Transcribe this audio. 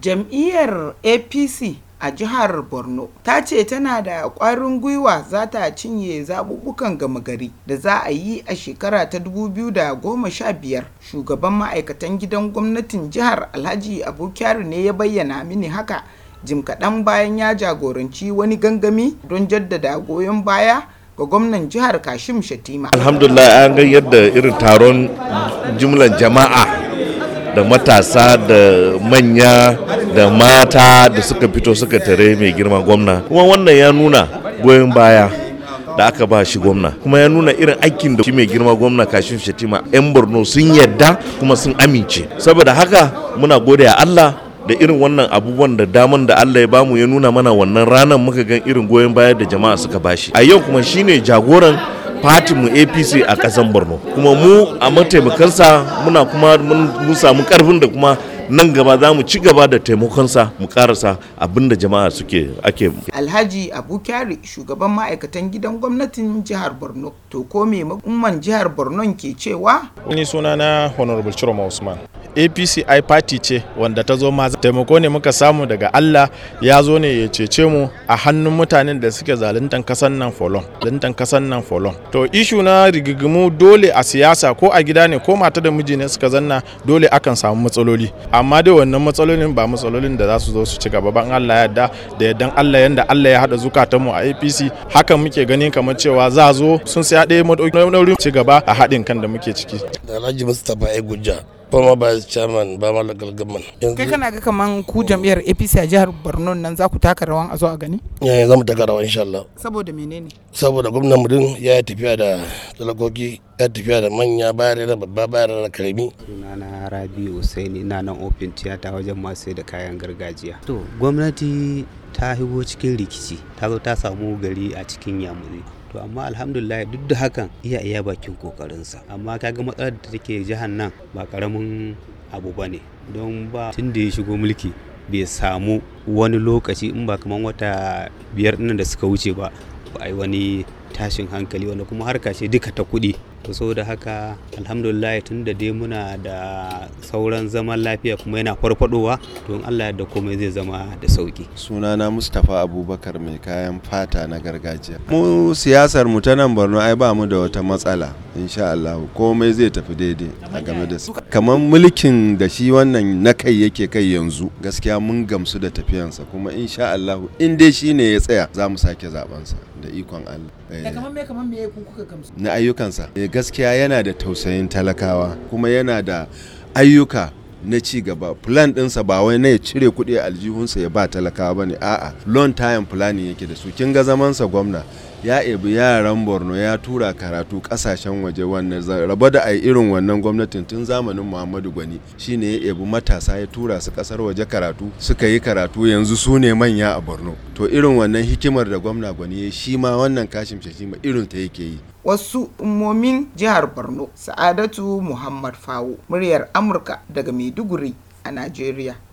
Jam'iyyar APC a jihar Borno ta ce tana da kwarin gwiwa za ta cinye zaɓuɓɓukan gama gari da za a yi a shekara ta 2015. Shugaban ma'aikatan gidan gwamnatin jihar Alhaji Abubakar ne ya bayyana mini haka jim kaɗan bayan ya jagoranci wani gangami don jaddada goyon baya ga gwamnan jihar Kashim Shatima. Alhamdulillah an ga yadda irin taron jimlar jama'a da matasa da manya da mata da suka fito suka tare mai girma gwamna kuma wannan ya nuna goyon baya da aka ba shi gwamna kuma ya nuna irin aikin da shi mai girma gwamna kashin shatima 'yan borno sun yadda kuma sun amince saboda haka muna gode a allah da irin wannan abubuwan da daman da Allah ya bamu ya nuna mana wannan ranar muka gan irin goyon baya da jama'a suka bashi a yau kuma shine jagoran mu apc a kasan borno kuma mu a mataimakansa muna kuma mun samu karfin da kuma nan gaba za mu ci gaba da taimakonsa mu karasa abinda jama'a suke ake alhaji abu kyari shugaban ma'aikatan gidan gwamnatin jihar borno to ko me umman jihar borno ke cewa ni sunana honorable chiroma usman apc ai party ce wanda ta zo ma taimako ne muka samu daga allah ya zo ne ya cece mu a hannun mutanen da suke zaluntan kasan nan folon zaluntan kasan nan folon to ishu na rigigimu dole a siyasa ko a gida ne ko mata da miji ne suka zanna dole akan samu matsaloli amma dai wannan matsalolin ba matsalolin da za su zo su ci gaba ban allah ya yarda da yardan allah yanda allah ya hada zukatanmu a apc hakan muke gani kamar cewa za zo sun siya ɗaya madaukin ci gaba a haɗin kan da muke ciki da alhaji mustapha ai Former ba Chairman ma Local Government. Kai kana ga kaman ku jam'iyyar APC a jihar Borno nan za ku taka rawan a zo a gani? Ya za mu taka rawan insha Allah. Saboda menene? Saboda gwamnan mu din ya tafiya da talakoki yan tafiya da manya bayan da babba bayan da karami sunana rabi husaini na nan open tiyata wajen masu da kayan gargajiya to gwamnati ta hibo cikin rikici ta zo ta samu gari a cikin yamuri to amma alhamdulillah duk da hakan iya iya bakin kokarinsa amma kaga matsalar da take jihar nan ba karamin abu bane don ba tun da ya shigo mulki bai samu wani lokaci in ba kamar wata biyar nan da suka wuce ba ba a yi wani tashin hankali wanda kuma harka ce duka ta kuɗi to da haka alhamdulillah tun da dai muna da sauran zaman lafiya kuma yana farfadowa to in Allah da komai zai zama da sauki sunana Mustapha Abubakar mai kayan fata na gargajiya mu siyasar mu ta nan Borno ai ba mu da wata matsala insha Allah komai zai tafi daidai a game da su kamar mulkin da shi wannan na kai yake kai yanzu gaskiya mun gamsu da tafiyansa kuma insha Allah in dai shine ya tsaya za mu sake zaben sa da ikon Allah da eh. eh, kamar me kamar me kuka gamsu na ayyukansa eh, gaskiya yana da tausayin talakawa kuma yana da ayyuka na ci gaba plan ɗinsa ba wai na ya cire kuɗi a aljihunsa ya ba talakawa ba ne a'a long time planning yake da su kin ga zamansa gwamna ya ebi yaran borno ya tura karatu kasashen waje wannan rabo da a irin wannan gwamnatin tun zamanin muhammadu gwani shine ya ebi matasa ya tura su kasar waje karatu suka yi karatu yanzu su ne manya a borno to irin wannan hikimar da gwamna gwani ya shi ma wannan kashim shashima irin ta yake yi wasu ummomin jihar borno sa'adatu muhammad fawo muryar amurka daga maiduguri a najeriya